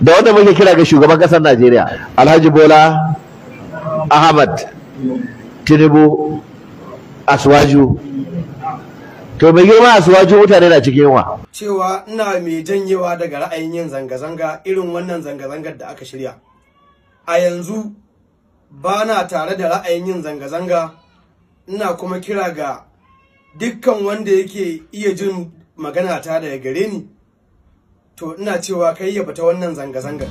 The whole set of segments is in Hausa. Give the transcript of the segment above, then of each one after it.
da wanda muke kira ga shugaban ƙasar Najeriya Alhaji Bola Ahmad Tinubu Aswaju to mai girma Aswaju mutane na cikin yunwa cewa ina mai janyewa daga ra'ayin yin zanga-zanga irin wannan zanga-zangar da aka shirya a yanzu ba na tare da ra'ayin yin zanga-zanga ina kuma kira ga dukkan wanda yake iya jin magana ta daga gare ni to ina cewa kai ya fita wannan zanga-zangar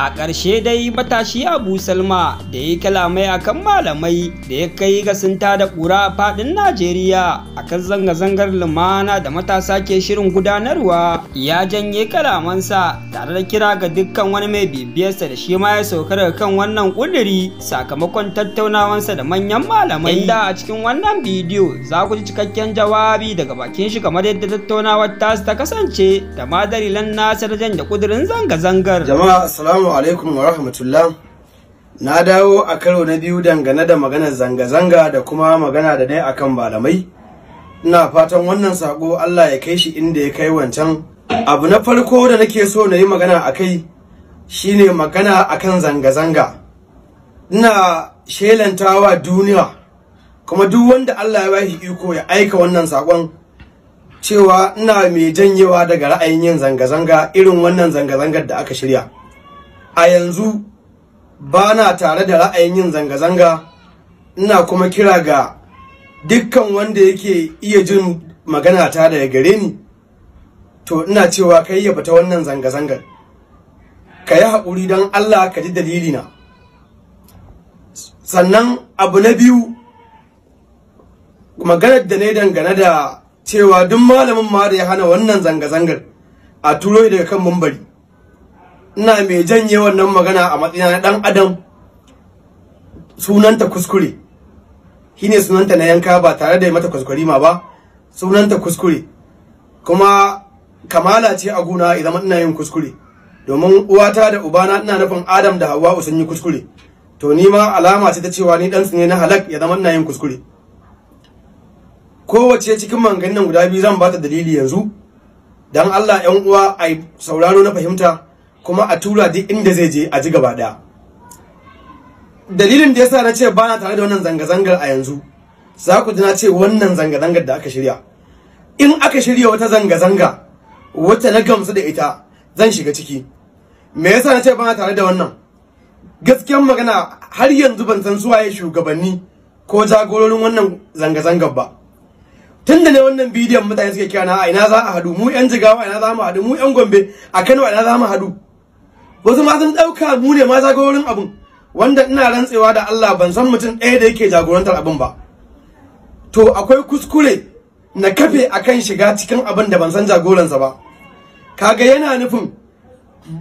a ƙarshe dai matashi abu salma da ya kalamai akan malamai da ya kai ga sun da ƙura a faɗin najeriya akan zanga-zangar lumana da matasa ke shirin gudanarwa ya janye kalamansa tare da kira ga dukkan wani mai bibiyarsa da shi ma ya saukar daga kan wannan ƙuduri sakamakon tattaunawansa da manyan malamai inda a cikin wannan bidiyo za ku ji cikakken jawabi daga bakin shi kamar yadda tattaunawar tasu ta kasance da ma dalilan nasa da janye ƙudurin zanga-zangar jama'a alaikum wa rahmatullah. Na dawo a karo na biyu dangane da maganar zanga-zanga da kuma magana da dai akan malamai. Ina fatan wannan sako Allah ya kai shi inda ya kai wancan. Abu na farko da nake so na yi magana a kai shine magana akan zanga-zanga. Ina shelantawa duniya kuma duk wanda Allah ya bashi iko ya aika wannan sakon cewa ina mai janyewa daga ra'ayin yin zanga-zanga irin wannan zanga-zangar da aka shirya. a yanzu ba na tare da ra'ayin yin zanga-zanga ina kuma kira ga dukkan wanda yake iya jin magana ta da gare ni to ina cewa kai ya yabata wannan zanga-zangar ka yi haƙuri don Allah ka ji dalilina sannan abu na biyu maganar da ne dangane da cewa duk malamin ma da ya hana wannan zanga-zangar a turo daga kan mumbari ina mai janye wannan magana a matsayina na dan adam sunanta kuskure shine sunanta na yanka ba tare da mata kuskure ma ba sunanta kuskure kuma kamala ce a gona idan ina yin kuskure domin uwata da ubana ina nufin Adam da hawa sun yi kuskure to ni ma alama ce ta cewa ni dan ne na halak ya zama ina yin kuskure kowace cikin manganin guda biyu zan bata dalili yanzu dan Allah 'yan uwa ai sauraro na fahimta kuma a tura duk inda zai je a ji gaba daya dalilin da yasa na ce ba na tare da wannan zanga-zangar a yanzu za ku ji na ce wannan zanga-zangar da aka shirya in aka shirya wata zanga-zanga wata na gamsu da ita zan shiga ciki me yasa na ce ba na tare da wannan gaskiyar magana har yanzu ban san suwaye shugabanni ko jagororin wannan zanga-zangar ba tunda ne wannan bidiyon mutane suke kira na a ina za a hadu mu yan jigawa ina za mu hadu mu yan gombe a kano ina za mu hadu wasu ma sun ɗauka mu ne ma jagororin abun wanda ina rantsewa da Allah ban san mutum ɗaya da yake jagorantar abin ba to akwai kuskure na kafe akan shiga cikin abin da ban san jagoransa ba kaga yana nufin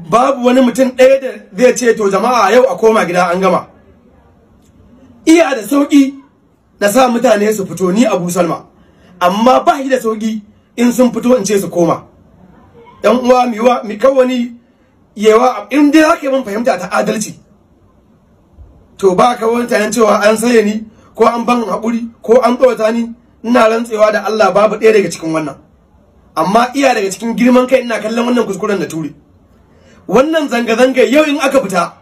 babu wani mutum ɗaya da zai ce to jama'a yau a koma gida an gama iya da sauki na sa mutane su fito ni Abu Salma amma ba shi da sauki in sun fito in ce su koma yan uwa mi kawani yewa in dai zaka yi min fahimta ta adalci to ba ka wani tayan cewa an sanya ni ko an ban haƙuri ko an tsorata ni ina rantsewa da Allah babu ɗaya daga cikin wannan amma iya daga cikin girman kai ina kallon wannan kuskuren da ture wannan zanga-zanga yau in aka fita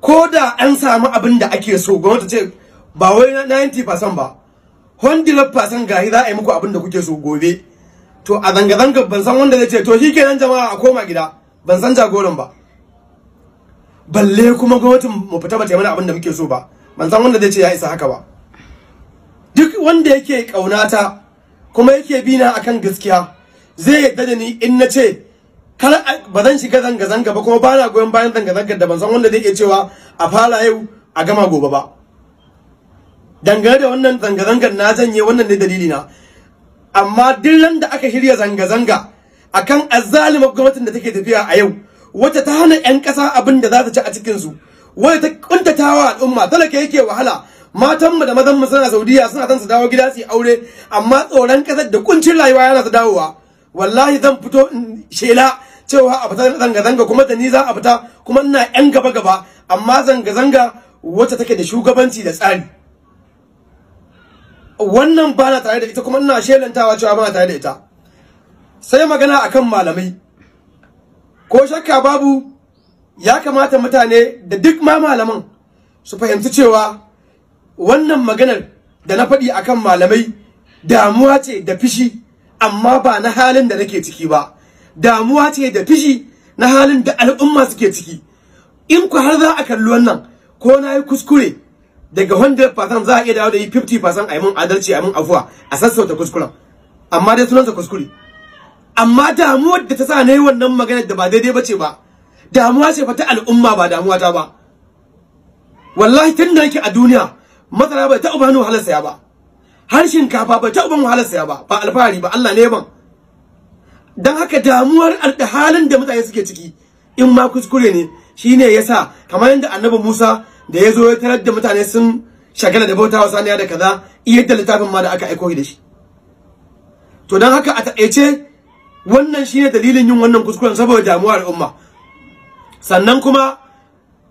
ko da an samu abin da ake so gwamnati ce ba wai 90% ba fasan gahi za a yi muku abin da kuke so gobe to a zanga-zanga ban san wanda zai ce to shi shikenan jama'a a koma gida ban san jagoran ba balle kuma gwamnatin mu fita bata yi mana abin da muke so ba ban san wanda zai ce ya isa haka ba duk wanda yake ta, kuma yake bina akan gaskiya zai yadda da ni in na ce kar ba zan shiga zanga zanga ba kuma bana goyon bayan zanga zanga da ban san wanda zai iya cewa a fara yau a gama gobe ba dangane da wannan zanga zangar na janye wannan ne dalili na amma duk da aka shirya zanga zanga akan azzalima gwamnatin da take tafiya a yau wacce ta hana yan ƙasa abin da za ta ci a cikin su wacce ta kuntatawa al'umma talaka yake wahala matan mu da mazan mu suna Saudiya suna son su dawo gida su aure amma tsoron kasar da kuncin rayuwa yana su dawowa wallahi zan fito shela cewa a fita zanga zanga kuma da ni za a fita kuma ina yan gaba gaba amma zanga zanga wacce take da shugabanci da tsari wannan ba na tare da ita kuma ina shelantawa cewa ba na tare da ita sai magana akan malamai ko shakka babu ya kamata mutane da duk ma malaman su fahimci cewa wannan maganar da na faɗi akan malamai damuwa ce da fishi amma ba na halin da nake ciki ba damuwa ce da fishi na halin da al'umma suke ciki in ku har za a kalli wannan ko na yi kuskure daga 100% za a iya dawo da yi 50% a yi mun adalci a yi mun afuwa a sassauta kuskuren amma dai sunansa kuskure amma damuwar da ta sa na yi wannan maganar da ba daidai ba ce ba damuwa ce fa ta al'umma ba damuwa ta ba wallahi tun da yake a duniya masara bai taɓa bani wahalar saya ba har shinkafa bai taɓa bani wahalar saya ba ba alfahari ba Allah ne ban dan haka damuwar da halin da mutane suke ciki in ma kuskure ne shi shine yasa kamar yadda annabi Musa da ya zo ya tarar da mutane sun shagala da bautawa saniya da kaza iya da littafin ma da aka aiko da shi to dan haka a taƙaice wannan shine dalilin yin wannan kuskuren saboda damuwar al'umma sannan kuma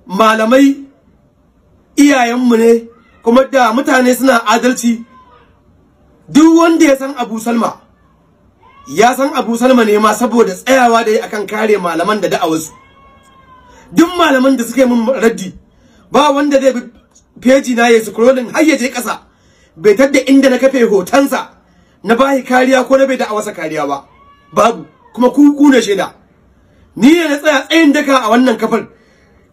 malamai iyayenmu ne kuma da mutane suna adalci duk wanda ya san Abu Salma ya san Abu Salma ne ma saboda tsayawa da yi akan kare malaman da da'awarsu duk malaman da suke min raddi ba wanda zai bi feji na ya scrolling har ya je ƙasa bai tadda inda na kafe hotonsa na bahi kariya ko na bai da'awarsa kariya ba babu kuma ku kuna shaida ni ne na tsaya tsayin daka a wannan kafar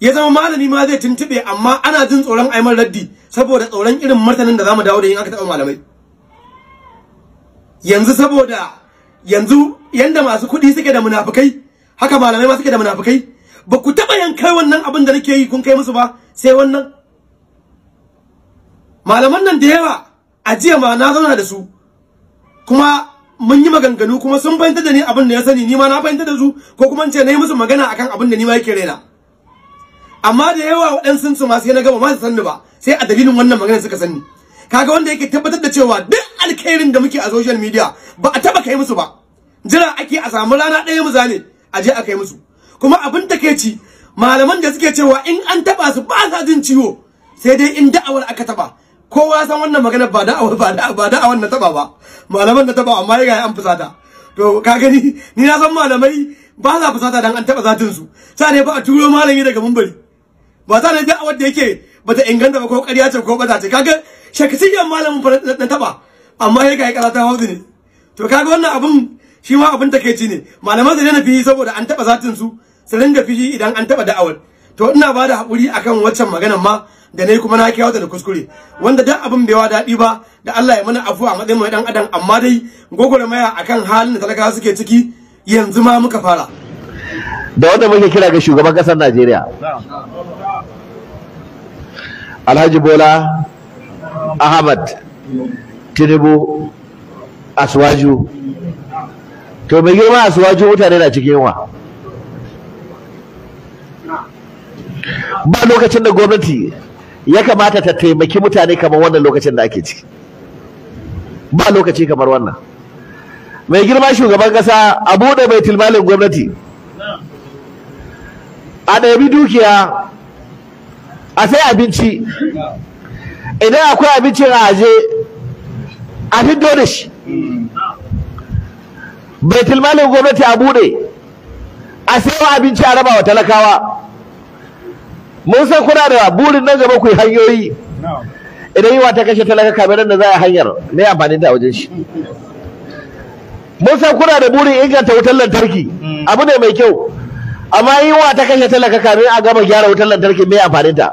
ya zama malami ma zai tuntube amma ana jin tsoron aiman raddi saboda tsoron irin martanin da zamu dawo da yin aka taɓa malamai yanzu saboda yanzu yanda masu kuɗi suke da munafukai haka malamai ma suke da munafukai ba ku taɓa yankai wannan abin da nake yi kun kai musu ba sai wannan malaman nan da yawa a jiya ma na zauna da su kuma mun yi maganganu kuma sun fahimta da ni abin da ya sani ni ma na fahimta da su ko kuma ce na yi musu magana akan abin da ni ma yake raina amma da yawa waɗansu su ma sai na gaba ma su sanni ba sai a dalilin wannan magana suka ka kaga wanda yake tabbatar da cewa duk alkhairin da muke a social media ba a taba kai musu ba jira ake a samu rana ɗaya mu zane a je a kai musu kuma abin da ke ci malaman da suke cewa in an taba su ba sa jin ciwo sai dai in da'awar aka taba kowa san wannan magana ba da ba da ba da wannan taba ba malaman da taba amma yaga an fusata to ka gani ni na san malamai ba za fusata dan an taba zatin su sai ne ba a turo malami daga mumbari ba ta ne da'awar da yake bata inganta ba ko ƙarya ce ko bata ce kaga shakasiyan malamin na taba amma ya kai karata hausa ne to kaga wannan abun shi ma abun takeici ne malaman su ne na fi saboda an taba zatin su su ringa fi idan an taba da'awar to ina ba da haƙuri akan waccan maganar ma da nayi kuma na kira wata da kuskure wanda duk abin bai wa daɗi ba da Allah ya mana afu a matsayin mai dan adam amma dai maya akan halin da talakawa suke ciki yanzu ma muka fara da wanda muke kira ga shugaban ƙasar Najeriya Alhaji Bola Ahmad Tinubu Aswaju to mai girma Aswaju mutane na cikin yawa ba lokacin da gwamnati ya kamata ta taimaki mutane kamar wannan lokacin da ake ciki ba lokaci kamar wannan mai girma shugaban kasa a buɗe mai tilmalin gwamnati a ɗabi dukiya a sai abinci idan akwai abincin a aje a fiddo da shi mai tilmalin gwamnati a buɗe a sai abinci a raba wa talakawa mun san kuna da burin nan gaba ku yi hanyoyi idan yi wa ta kashe talaka kameran da za a hanyar yi amfani da wajen shi mun san kuna da burin inganta wutar lantarki abu ne mai kyau amma yi wa ta kashe talaka kamin a gama gyara wutar lantarki mai amfani da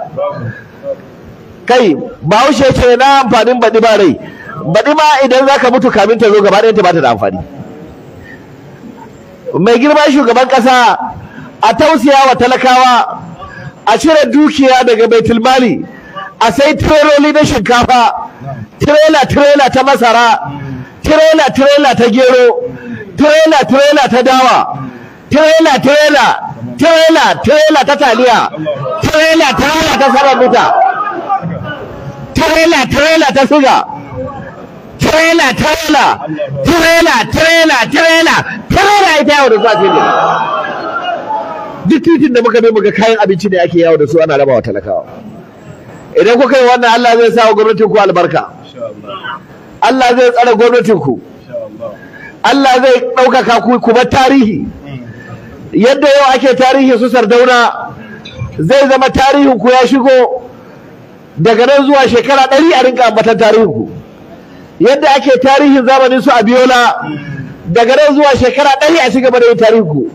kai bahaushe ce na amfanin baɗi ba rai baɗi ma idan za ka mutu kamin ta zo gaba ɗaya ta ba ta da amfani mai girma shugaban ƙasa a tausiya wa talakawa a cire dukiya daga baitul mali a sai tiroli na shinkafa tirela tirela ta masara tirela tirela ta gero tirela tirela ta dawa tirela tirela tirela tirela ta taliya tirela tirela ta sarabuta tirela tirela ta siga tirela tirela tirela tirela tirela tirela ita yau da zuwa duk titin da muka bi muka kayan abinci da ake yawo da su ana raba wa talakawa idan kuka yi wannan Allah zai sa wa gwamnatin ku albarka Allah zai tsara gwamnatin ku Allah zai ɗaukaka ku kuma tarihi yadda yau ake tarihi su sardauna zai zama tarihin ku ya shigo daga nan zuwa shekara ɗari a rinka ambatan tarihin ku yadda ake tarihin zamanin su abiola daga nan zuwa shekara ɗari a ci gaba da yin tarihin ku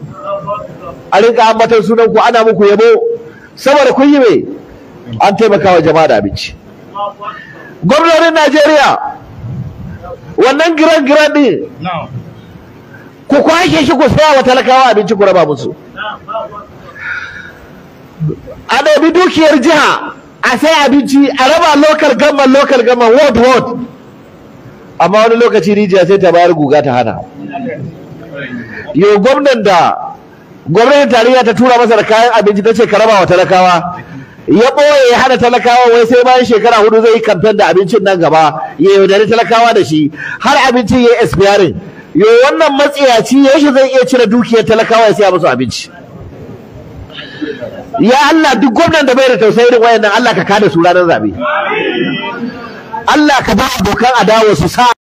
a rinka ambatan sunan ku ana muku yabo saboda kun yi mai an taimaka wa jama'a da abinci gwamnonin najeriya wannan giran giran din ku kwashe shi ku saya wa talakawa abinci ku raba musu a ɗabi dukiyar jiha a sai abinci a raba lokal gamman lokal gamman world world amma wani lokaci rijiya sai ta bayar guga ta hana yau gwamnan da gwamnatin tarayya ta tura masa da kayan abinci ta ce ka raba wa talakawa ya ɓoye ya hana talakawa wai sai bayan shekara hudu zai yi kamfen da abincin nan gaba ya yaudari talakawa da shi har abincin ya yi espiyarin yo wannan matsiyaci shi zai iya cire dukiyar talakawa ya siya musu abinci ya Allah duk gwamnan da bai da tausayi irin wayannan Allah ka kada su ranar zabe Allah ka ba abokan adawa su sa